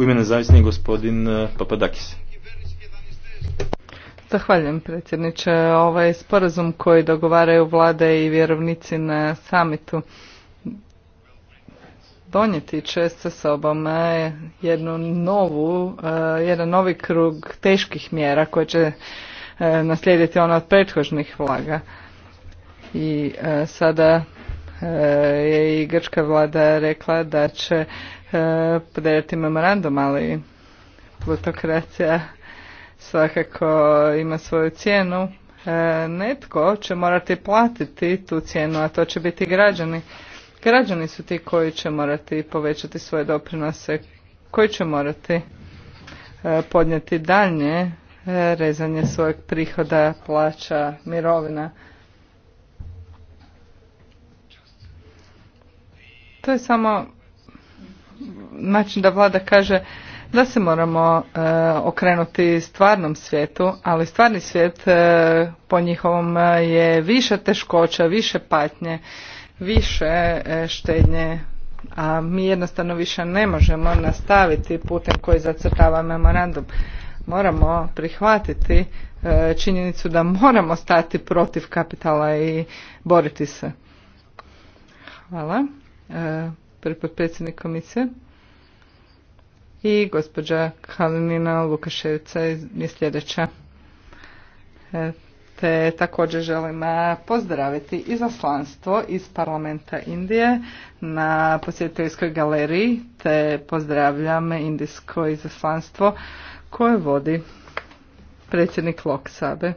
U ime nezavisni gospodin eh, Papadakis. Zahvaljujem predsjedniče. Ovaj sporazum koji dogovaraju vlade i vjerovnici na samitu donijeti će sa sobom eh, jednu novu, eh, jedan novi krug teških mjera koje će naslijediti ona od prethodnih vlaga. I sada E, je i grčka vlada rekla da će e, podeljati memorandum, ali plutokracija svakako ima svoju cijenu. E, netko će morati platiti tu cijenu, a to će biti građani. Građani su ti koji će morati povećati svoje doprinose, koji će morati podnijeti dalje rezanje svojeg prihoda, plaća, mirovina. To je samo način da vlada kaže da se moramo e, okrenuti stvarnom svijetu, ali stvarni svijet e, po njihovom e, je više teškoća, više patnje, više e, štednje, a mi jednostavno više ne možemo nastaviti putem koji zacrtava memorandum. Moramo prihvatiti činjenicu da moramo stati protiv kapitala i boriti se. Hvala prvi potpredsjednik komisije i gospođa Kalinina Lukaševica je sljedeća. E, te također želim pozdraviti izaslanstvo iz parlamenta Indije na posjetiteljskoj galeriji te pozdravljam indijsko izaslanstvo koje vodi predsjednik Loksabe.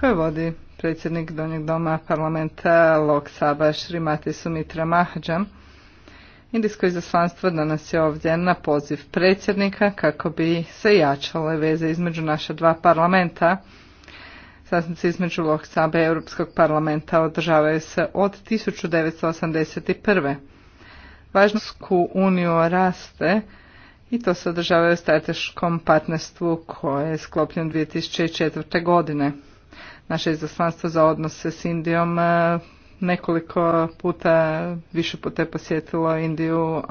koje vodi predsjednik Donjeg doma parlamenta Lok Saba Šrimati Sumitra Mahadža. Indijsko izaslanstvo danas je ovdje na poziv predsjednika kako bi se jačale veze između naša dva parlamenta. Sastanci između Lok Saba i Europskog parlamenta održavaju se od 1981. Važnostku uniju raste i to se održava u strateškom partnerstvu koje je sklopljeno 2004. godine naše izaslanstvo za odnose s Indijom e, nekoliko puta više puta je posjetilo Indiju